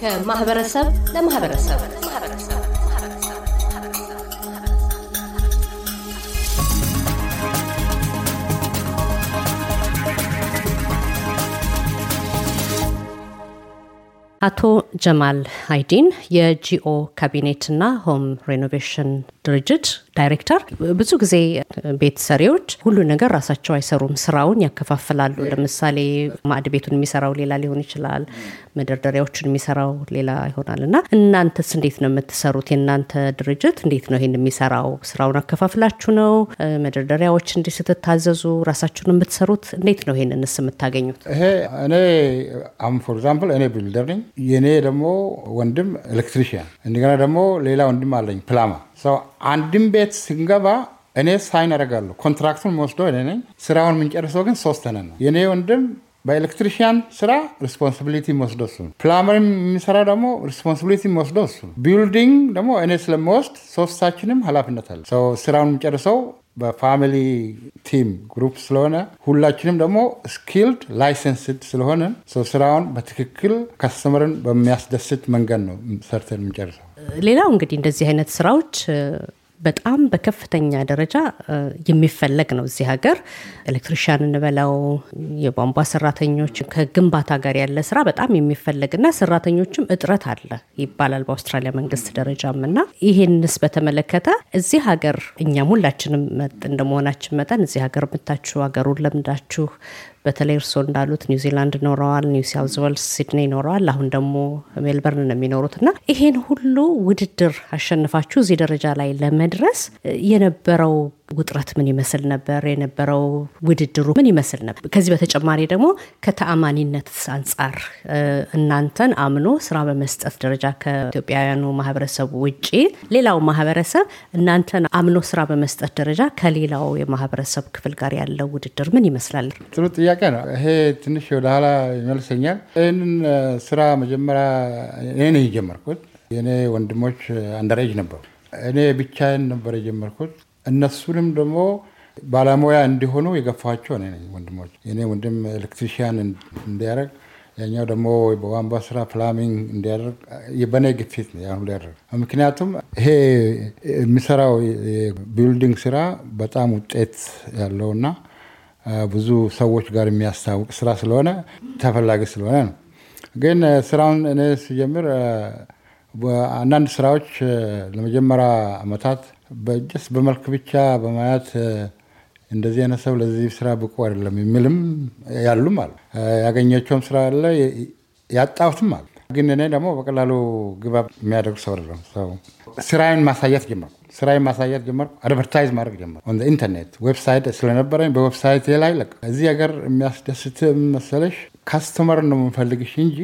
ከማህበረሰብ ለማህበረሰብ አቶ ጀማል አይዲን የጂኦ ካቢኔትና ሆም ሬኖቬሽን ድርጅት ዳይሬክተር ብዙ ጊዜ ቤት ሰሪዎች ሁሉ ነገር ራሳቸው አይሰሩም፣ ስራውን ያከፋፍላሉ። ለምሳሌ ማዕድ ቤቱን የሚሰራው ሌላ ሊሆን ይችላል፣ መደርደሪያዎችን የሚሰራው ሌላ ይሆናል እና እናንተስ እንዴት ነው የምትሰሩት? የእናንተ ድርጅት እንዴት ነው ይሄን የሚሰራው? ስራውን አከፋፍላችሁ ነው መደርደሪያዎች እንዲህ ስትታዘዙ ራሳችሁን የምትሰሩት? እንዴት ነው እንስ የምታገኙት? ይሄ እኔ አሁን ፎር ኤግዛምፕል እኔ ቢልደር ነኝ። የእኔ ደግሞ ወንድም ኤሌክትሪሽያን እንደገና ደግሞ ሌላ ወንድም አለኝ ፕላማ አንድም ቤት ስንገባ እኔ ሳይን አደርጋለሁ። ኮንትራክቱን መወስዶ እኔ ነኝ። ስራውን የምንጨርሰው ግን ሶስት ነን ነው የኔ ወንድም በኤሌክትሪሽያን ስራ ሪስፖንሲቢሊቲ መወስዶ እሱ ነው። የሚሰራ ደግሞ ሪስፖንሲቢሊቲ መወስዶ እሱ ነው። ቢልዲንግ ደግሞ እኔ ስለምወስድ ሶስታችንም ኃላፊነት አለ። ስራውን የሚጨርሰው በፋሚሊ ቲም ግሩፕ ስለሆነ ሁላችንም ደግሞ ስኪልድ ላይሰንስድ ስለሆነ ስራውን በትክክል ከስተመርን በሚያስደስት መንገድ ነው ሰርተን የምንጨርሰው። ሌላው እንግዲህ እንደዚህ አይነት ስራዎች በጣም በከፍተኛ ደረጃ የሚፈለግ ነው። እዚህ ሀገር ኤሌክትሪሽያን እንበለው የቧንቧ ሰራተኞች ከግንባታ ጋር ያለ ስራ በጣም የሚፈለግና ሰራተኞችም እጥረት አለ ይባላል በአውስትራሊያ መንግስት ደረጃም እና ይህንስ በተመለከተ እዚህ ሀገር እኛም ሁላችንም እንደመሆናችን መጠን እዚህ ሀገር ምታችሁ ሀገሩን ለምዳችሁ በተለይ እርስዎ እንዳሉት ኒውዚላንድ ኖረዋል፣ ኒው ሳውዝ ዌልስ ሲድኔ ኖረዋል፣ አሁን ደግሞ ሜልበርን ነው የሚኖሩት እና ይሄን ሁሉ ውድድር አሸንፋችሁ እዚህ ደረጃ ላይ ለመድረስ የነበረው ውጥረት ምን ይመስል ነበር? የነበረው ውድድሩ ምን ይመስል ነበር? ከዚህ በተጨማሪ ደግሞ ከተአማኒነት አንጻር እናንተን አምኖ ስራ በመስጠት ደረጃ ከኢትዮጵያውያኑ ማህበረሰቡ ውጭ ሌላው ማህበረሰብ እናንተን አምኖ ስራ በመስጠት ደረጃ ከሌላው የማህበረሰብ ክፍል ጋር ያለው ውድድር ምን ይመስላል? ጥሩ ጥያቄ ነው። ይሄ ትንሽ ወደኋላ ይመልሰኛል። ይህንን ስራ መጀመሪያ እኔ የጀመርኩት የእኔ ወንድሞች አንደረጅ ነበሩ። እኔ ብቻዬን ነበር የጀመርኩት። እነሱንም ደግሞ ባለሙያ እንዲሆኑ የገፋቸው እኔ ነኝ። ወንድሞች እኔ ወንድም ኤሌክትሪሽያን እንዲያደርግ ያኛው ደግሞ በቧንቧ ስራ ፕላሚንግ እንዲያደርግ በእኔ ግፊት ነው ያን ሁሉ ያደርግ። ምክንያቱም ይሄ የሚሰራው ቢልዲንግ ስራ በጣም ውጤት ያለውና ብዙ ሰዎች ጋር የሚያስታውቅ ስራ ስለሆነ ተፈላጊ ስለሆነ ነው። ግን ስራውን እኔ ስጀምር አንዳንድ ስራዎች ለመጀመሪያ አመታት በጭስ በመልክ ብቻ በማየት እንደዚህ አይነት ሰው ለዚህ ስራ ብቁ አይደለም የሚልም ያሉም አሉ። ያገኘቸውም ስራ አለ፣ ያጣሁትም አሉ። ግን እኔ ደግሞ በቀላሉ ግባ የሚያደርጉ ሰው አይደለም። ሰው ስራዬን ማሳየት ጀመርኩ። ስራዬን ማሳየት ጀመርኩ። አድቨርታይዝ ማድረግ ጀመርኩ። ኦን ኢንተርኔት ዌብሳይት ስለነበረኝ በዌብሳይት ላይ ለቀ እዚህ ሀገር የሚያስደስት መሰለሽ ካስተመር ነው የምንፈልግሽ እንጂ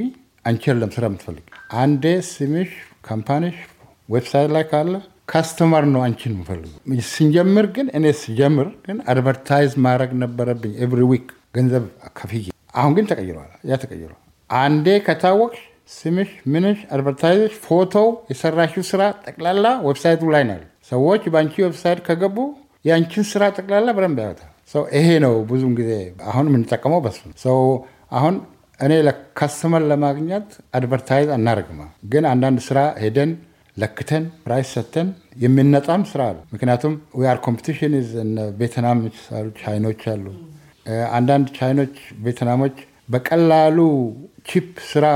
አንቺ የለም ስራ የምትፈልግ አንዴ ስምሽ ካምፓኒሽ ዌብሳይት ላይ ካለ ካስተማር ነው አንቺን የምፈልገው። ስንጀምር ግን እኔ ስጀምር ግን አድቨርታይዝ ማድረግ ነበረብኝ ኤቭሪ ዊክ ገንዘብ ከፍዬ። አሁን ግን ተቀይረዋል። ያ ተቀይረዋል። አንዴ ከታወቅሽ ስምሽ፣ ምንሽ፣ አድቨርታይዘሽ፣ ፎቶው፣ የሰራሽው ስራ ጠቅላላ ዌብሳይቱ ላይ ነው። ሰዎች በአንቺ ዌብሳይት ከገቡ የአንቺን ስራ ጠቅላላ በደንብ ያወታል። ሰው ይሄ ነው ብዙም ጊዜ አሁን የምንጠቀመው በሱ ሰው አሁን እኔ ለከስተመር ለማግኘት አድቨርታይዝ አናደርግም፣ ግን አንዳንድ ስራ ሄደን ለክተን ፕራይስ ሰተን የሚነጣም ስራ አለ። ምክንያቱም ዊአር ኮምፒቲሽን ቬትናሞች አሉ፣ ቻይኖች አሉ። uh, አንዳንድ ቻይኖች፣ ቬትናሞች በቀላሉ ቺፕ ስራ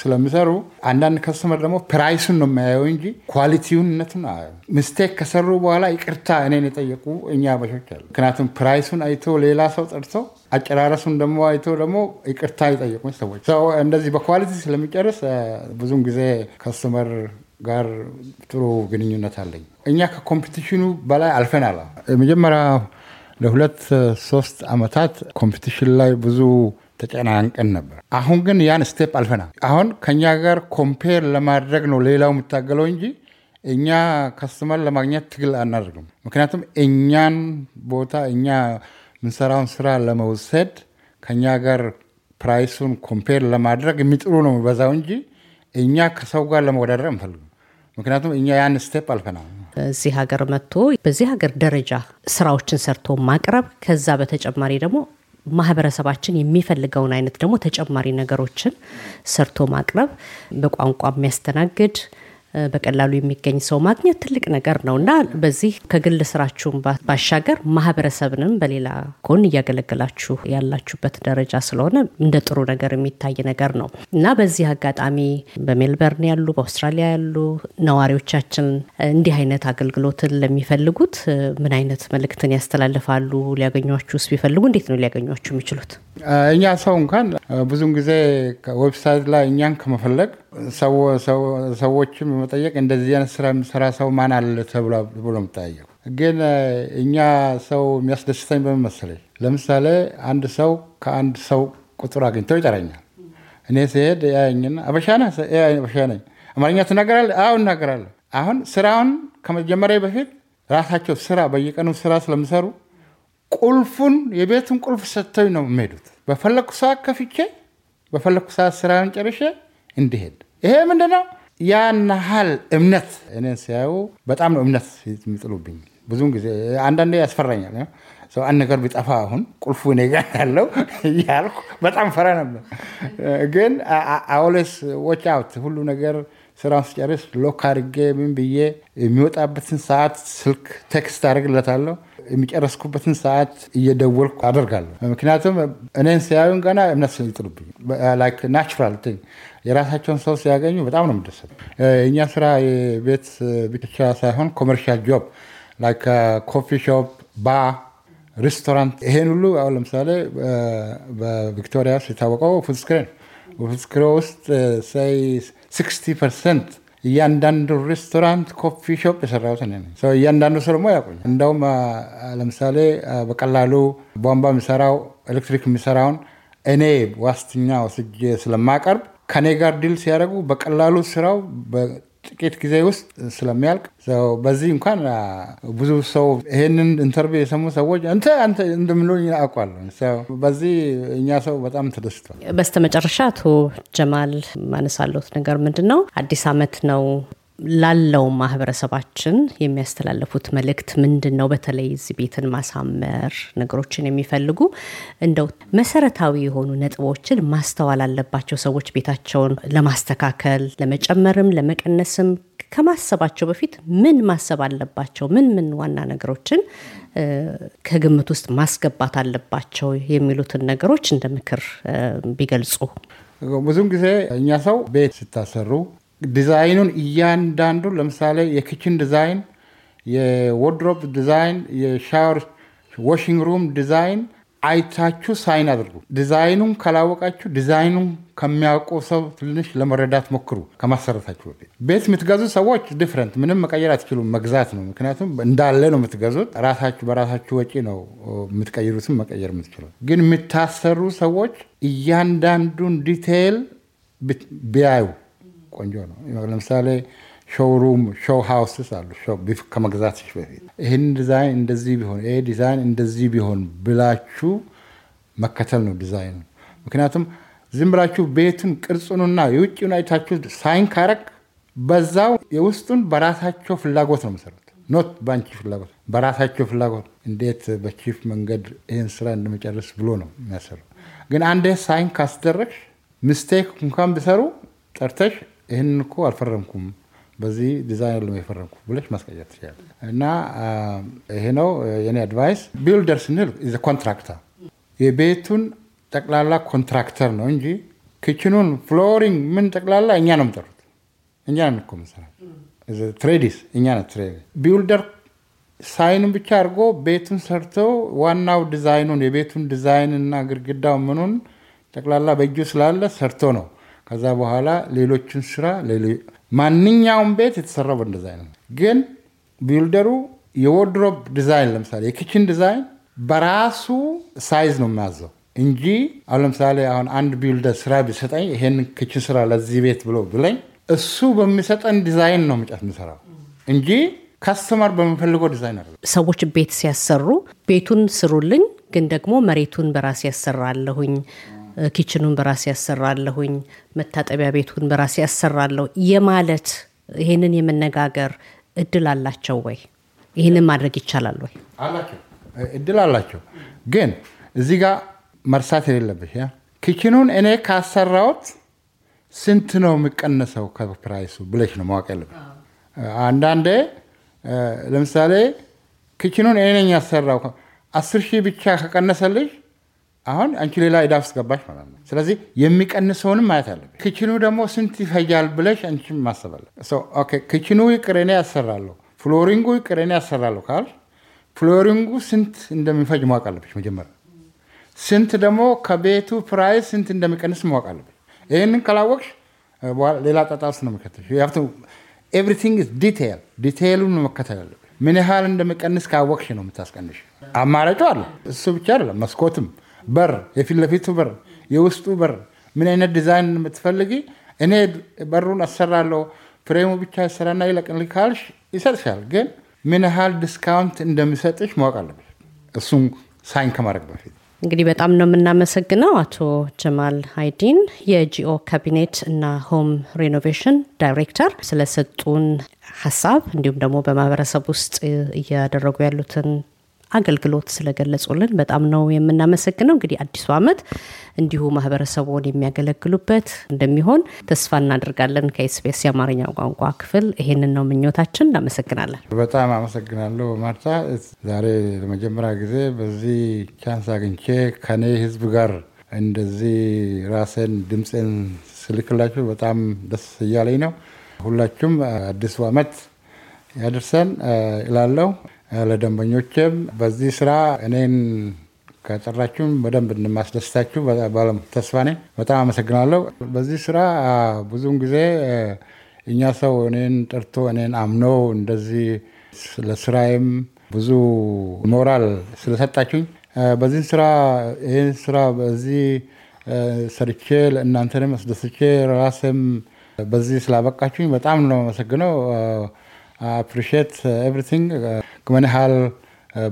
ስለሚሰሩ አንዳንድ ከስተመር ደግሞ ፕራይሱን ነው የሚያየው እንጂ ኳሊቲውንነቱን ምስቴክ ከሰሩ በኋላ ይቅርታ እኔን የጠየቁ እኛ በሾች አሉ። ምክንያቱም ፕራይሱን አይቶ ሌላ ሰው ጠርቶ አጨራረሱን ደግሞ አይቶ ደግሞ ይቅርታ ይጠየቁ ሰዎች እንደዚህ በኳሊቲ ስለሚጨርስ uh, ብዙን ጊዜ ከስተመር ጋር ጥሩ ግንኙነት አለኝ። እኛ ከኮምፒቲሽኑ በላይ አልፈናል። የመጀመሪያ ለሁለት ሶስት ዓመታት ኮምፒቲሽን ላይ ብዙ ተጨናንቀን ነበር። አሁን ግን ያን ስቴፕ አልፈናል። አሁን ከእኛ ጋር ኮምፔር ለማድረግ ነው ሌላው የምታገለው እንጂ እኛ ከስተመር ለማግኘት ትግል አናደርግም። ምክንያቱም እኛን ቦታ እኛ ምንሰራውን ስራ ለመውሰድ ከእኛ ጋር ፕራይሱን ኮምፔር ለማድረግ የሚጥሩ ነው በዛው እንጂ እኛ ከሰው ጋር ለመወዳደር አንፈልግም። ምክንያቱም እኛ ያን ስቴፕ አልፈናል። እዚህ ሀገር መጥቶ በዚህ ሀገር ደረጃ ስራዎችን ሰርቶ ማቅረብ ከዛ በተጨማሪ ደግሞ ማህበረሰባችን የሚፈልገውን አይነት ደግሞ ተጨማሪ ነገሮችን ሰርቶ ማቅረብ በቋንቋ የሚያስተናግድ በቀላሉ የሚገኝ ሰው ማግኘት ትልቅ ነገር ነው እና በዚህ ከግል ስራችሁን ባሻገር ማህበረሰብንም በሌላ ጎን እያገለገላችሁ ያላችሁበት ደረጃ ስለሆነ እንደ ጥሩ ነገር የሚታይ ነገር ነው እና በዚህ አጋጣሚ በሜልበርን ያሉ በአውስትራሊያ ያሉ ነዋሪዎቻችን እንዲህ አይነት አገልግሎትን ለሚፈልጉት ምን አይነት መልእክትን ያስተላልፋሉ? ሊያገኟችሁስ ቢፈልጉ እንዴት ነው ሊያገኟችሁ የሚችሉት? እኛ ሰው እንኳን ብዙን ጊዜ ዌብሳይት ላይ እኛን ከመፈለግ ሰዎችም መጠየቅ እንደዚህ አይነት ስራ የሚሰራ ሰው ማን አለ ተብሎ ብሎ የምጠየቅ ግን እኛ ሰው የሚያስደስተኝ በምን ለምሳሌ አንድ ሰው ከአንድ ሰው ቁጥር አግኝተው ይጠረኛል። እኔ ሲሄድ ያኝና አበሻና አበሻ ነኝ አማርኛ ትናገራለ? አዎ እናገራለሁ። አሁን ስራውን ከመጀመሪያ በፊት ራሳቸው ስራ በየቀኑ ስራ ስለምሰሩ ቁልፉን የቤቱን ቁልፍ ሰጥተው ነው የሚሄዱት። በፈለግኩ ሰዓት ከፍቼ በፈለግኩ ሰዓት ስራን ጨርሼ እንዲሄድ ይሄ ምንድነው ያን ያህል እምነት እኔን ሲያዩ በጣም ነው እምነት የሚጥሉብኝ። ብዙን ጊዜ አንዳንዴ ያስፈራኛል። ሰው አንድ ነገር ቢጠፋ አሁን ቁልፉ እኔ ጋ ያለው እያልኩ በጣም ፈራ ነበር። ግን አውሌስ ዎች አውት ሁሉ ነገር ስራውን ስጨርስ ሎክ አድርጌ ምን ብዬ የሚወጣበትን ሰዓት ስልክ ቴክስት አደርግለታለሁ። የሚጨረስኩበትን ሰዓት እየደወልኩ አደርጋለሁ። ምክንያቱም እኔን ሲያዩን ገና እምነት ይጥሉብኝ ናቹራል የራሳቸውን ሰው ሲያገኙ በጣም ነው የምደሰት። እኛ ስራ የቤት ብቻ ሳይሆን ኮመርሻል ጆብ ላይክ ኮፊ ሾፕ፣ ባ፣ ሬስቶራንት ይሄን ሁሉ አሁን ለምሳሌ በቪክቶሪያ ሲታወቀው ፉትስክሬ ነው። በፉትስክሬ ውስጥ ሳይ 60 ፐርሰንት እያንዳንዱ ሬስቶራንት፣ ኮፊ ሾፕ የሰራሁት እኔ ነኝ። እያንዳንዱ ሰው ደግሞ ያቁኝ። እንደውም ለምሳሌ በቀላሉ ቧንቧ የሚሰራው ኤሌክትሪክ የሚሰራውን እኔ ዋስትኛ ወስጄ ስለማቀርብ ከኔ ጋር ድል ሲያደርጉ በቀላሉ ስራው ጥቂት ጊዜ ውስጥ ስለሚያልቅ በዚህ እንኳን ብዙ ሰው ይሄንን ኢንተርቪው የሰሙ ሰዎች እንተ አንተ እንደምሉኝ አውቃለሁ። በዚህ እኛ ሰው በጣም ተደስቷል። በስተመጨረሻ አቶ ጀማል ማነሳለሁት ነገር ምንድን ነው አዲስ አመት ነው ላለው ማህበረሰባችን የሚያስተላልፉት መልእክት ምንድን ነው? በተለይ እዚህ ቤትን ማሳመር ነገሮችን የሚፈልጉ እንደው መሰረታዊ የሆኑ ነጥቦችን ማስተዋል አለባቸው ሰዎች ቤታቸውን ለማስተካከል ለመጨመርም ለመቀነስም ከማሰባቸው በፊት ምን ማሰብ አለባቸው? ምን ምን ዋና ነገሮችን ከግምት ውስጥ ማስገባት አለባቸው የሚሉትን ነገሮች እንደ ምክር ቢገልጹ። ብዙም ጊዜ እኛ ሰው ቤት ስታሰሩ ዲዛይኑን እያንዳንዱ ለምሳሌ የክችን ዲዛይን፣ የወድሮፕ ዲዛይን፣ የሻወር ዋሽንግ ሩም ዲዛይን አይታችሁ ሳይን አድርጉ። ዲዛይኑን ካላወቃችሁ ዲዛይኑን ከሚያውቁ ሰው ትንሽ ለመረዳት ሞክሩ። ከማሰረታችሁ በፊት ቤት የምትገዙ ሰዎች ዲፍረንት ምንም መቀየር አትችሉም፣ መግዛት ነው። ምክንያቱም እንዳለ ነው የምትገዙት። ራሳችሁ በራሳችሁ ወጪ ነው የምትቀይሩትም መቀየር የምትችሉ። ግን የምታሰሩ ሰዎች እያንዳንዱን ዲቴይል ቢያዩ ቆንጆ ነው። ለምሳሌ ሾውሩም ሾው ሃውስስ አሉ ከመግዛትሽ በፊት ይህን ዲዛይን እንደዚህ ቢሆን ይሄ ዲዛይን እንደዚህ ቢሆን ብላችሁ መከተል ነው ዲዛይኑ። ምክንያቱም ዝም ብላችሁ ቤትን ቅርጹንና የውጭውን አይታችሁ ሳይን ካረግ በዛው የውስጡን በራሳቸው ፍላጎት ነው መሰረት ኖት ባንቺ ፍላጎት በራሳቸው ፍላጎት እንዴት በቺፍ መንገድ ይህን ስራ እንደመጨረስ ብሎ ነው የሚያሰሩ። ግን አንዴ ሳይን ካስደረግሽ ሚስቴክ እንኳን ብሰሩ ጠርተሽ ይህን እኮ አልፈረምኩም በዚህ ዲዛይን ሉ የፈረምኩ ብለሽ ማስቀየር ትችላለ። እና ይሄ ነው የኔ አድቫይስ። ቢልደር ስንል ኮንትራክተር የቤቱን ጠቅላላ ኮንትራክተር ነው እንጂ ክችኑን፣ ፍሎሪንግ ምን ጠቅላላ እኛ ነው የምጠሩት። እኛ ነው እኮ ትሬዲስ እኛ ነው ትሬዲ። ቢልደር ሳይኑን ብቻ አድርጎ ቤቱን ሰርተው ዋናው ዲዛይኑን የቤቱን ዲዛይንና ግድግዳው ምኑን ጠቅላላ በእጁ ስላለ ሰርቶ ነው ከዛ በኋላ ሌሎችን ስራ ማንኛውም ቤት የተሰራው በዲዛይን ነው። ግን ቢልደሩ የወርድሮብ ዲዛይን ለምሳሌ የኪችን ዲዛይን በራሱ ሳይዝ ነው የሚያዘው እንጂ አሁን ለምሳሌ አሁን አንድ ቢልደር ስራ ቢሰጠኝ ይሄን ክችን ስራ ለዚህ ቤት ብሎ ብለኝ እሱ በሚሰጠን ዲዛይን ነው ምጨት የሚሰራው እንጂ ከስተመር በሚፈልገው ዲዛይን አለ። ሰዎች ቤት ሲያሰሩ ቤቱን ስሩልኝ፣ ግን ደግሞ መሬቱን በራሴ ያሰራለሁኝ ኪችኑን በራሴ ያሰራለሁኝ፣ መታጠቢያ ቤቱን በራሴ ያሰራለሁ የማለት ይህንን የመነጋገር እድል አላቸው ወይ? ይህንን ማድረግ ይቻላል ወይ? እድል አላቸው። ግን እዚህ ጋር መርሳት የሌለብሽ ኪችኑን እኔ ካሰራሁት ስንት ነው የሚቀነሰው ከፕራይሱ ብለሽ ነው ማወቅ ያለብሽ። አንዳንዴ ለምሳሌ ኪችኑን እኔ ነኝ ያሰራው አስር ሺህ ብቻ ከቀነሰልሽ አሁን አንቺ ሌላ ዕዳ ውስጥ ማለት ነው። ስለዚህ የሚቀንሰውንም ማየት አለብሽ። ክችኑ ደግሞ ስንት ይፈጃል ብለሽ አንቺ ማሰብ አለብሽ። ክችኑ ቅሬኔ ያሰራለሁ፣ ፍሎሪንጉ ቅሬኔ ያሰራለሁ ካል ፍሎሪንጉ ስንት እንደሚፈጅ ማወቅ አለብሽ መጀመሪያ። ስንት ደግሞ ከቤቱ ፕራይስ ስንት እንደሚቀንስ ማወቅ አለብሽ። ይህንን ካላወቅሽ ሌላ ጣጣ ውስጥ ነው የሚከተልሽ። ኤቭሪቲንግ ኢዝ ዲቴይል ዲቴይሉን መከተል አለብሽ። ምን ያህል እንደሚቀንስ ካወቅሽ ነው የምታስቀንሽ። አማራጩ አለ። እሱ ብቻ አይደለም መስኮትም በር፣ የፊት ለፊቱ በር፣ የውስጡ በር ምን አይነት ዲዛይን የምትፈልጊ እኔ በሩን አሰራለሁ ፍሬሙ ብቻ ይሰራና ይለቅን ካልሽ ይሰጥሻል። ግን ምን ያህል ዲስካውንት እንደሚሰጥሽ ማወቅ አለብሽ። እሱም ሳይን ከማድረግ በፊት እንግዲህ በጣም ነው የምናመሰግነው አቶ ጀማል ሀይዲን የጂኦ ካቢኔት እና ሆም ሪኖቬሽን ዳይሬክተር ስለሰጡን ሀሳብ እንዲሁም ደግሞ በማህበረሰብ ውስጥ እያደረጉ ያሉትን አገልግሎት ስለገለጹልን በጣም ነው የምናመሰግነው። እንግዲህ አዲሱ ዓመት እንዲሁ ማህበረሰቡን የሚያገለግሉበት እንደሚሆን ተስፋ እናደርጋለን። ከኤስቢኤስ የአማርኛ ቋንቋ ክፍል ይሄንን ነው ምኞታችን። እናመሰግናለን። በጣም አመሰግናለሁ ማርታ። ዛሬ ለመጀመሪያ ጊዜ በዚህ ቻንስ አግኝቼ ከኔ ህዝብ ጋር እንደዚህ ራሴን ድምፅን ስልክላችሁ በጣም ደስ እያለኝ ነው። ሁላችሁም አዲሱ ዓመት ያደርሰን እላለሁ። ለደንበኞችም በዚህ ስራ እኔን ከጠራችሁም በደንብ እንደማስደስታችሁ ባለም ተስፋ ነኝ። በጣም አመሰግናለሁ። በዚህ ስራ ብዙውን ጊዜ እኛ ሰው እኔን ጠርቶ እኔን አምኖ እንደዚህ ለስራዬም ብዙ ሞራል ስለሰጣችሁኝ በዚህ ስራ ይህን ስራ በዚህ ሰርቼ እናንተንም አስደስቼ ራሴም በዚህ ስላበቃችሁኝ በጣም ነው አመሰግነው። አፕሪሺየት ኤቭሪቲንግ ምን ያህል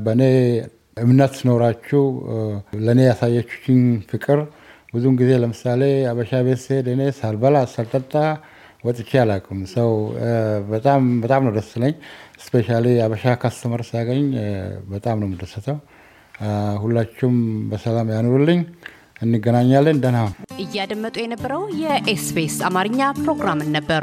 በእኔ እምነት ኖራችሁ uh, ለእኔ ያሳየችኝ ፍቅር ብዙን ጊዜ ለምሳሌ አበሻ ቤት ስሄድ እኔ ሳልበላ ሳልጠጣ ወጥቼ አላውቅም። ሰው uh, በጣም በጣም ነው ደስ ለኝ። ስፔሻሊ አበሻ ካስተመር ሲያገኝ uh, በጣም ነው የምደሰተው። ሁላችሁም በሰላም ያኑሩልኝ። እንገናኛለን። ደህና ሁኑ። እያደመጡ የነበረው የኤስቢኤስ አማርኛ ፕሮግራምን ነበር።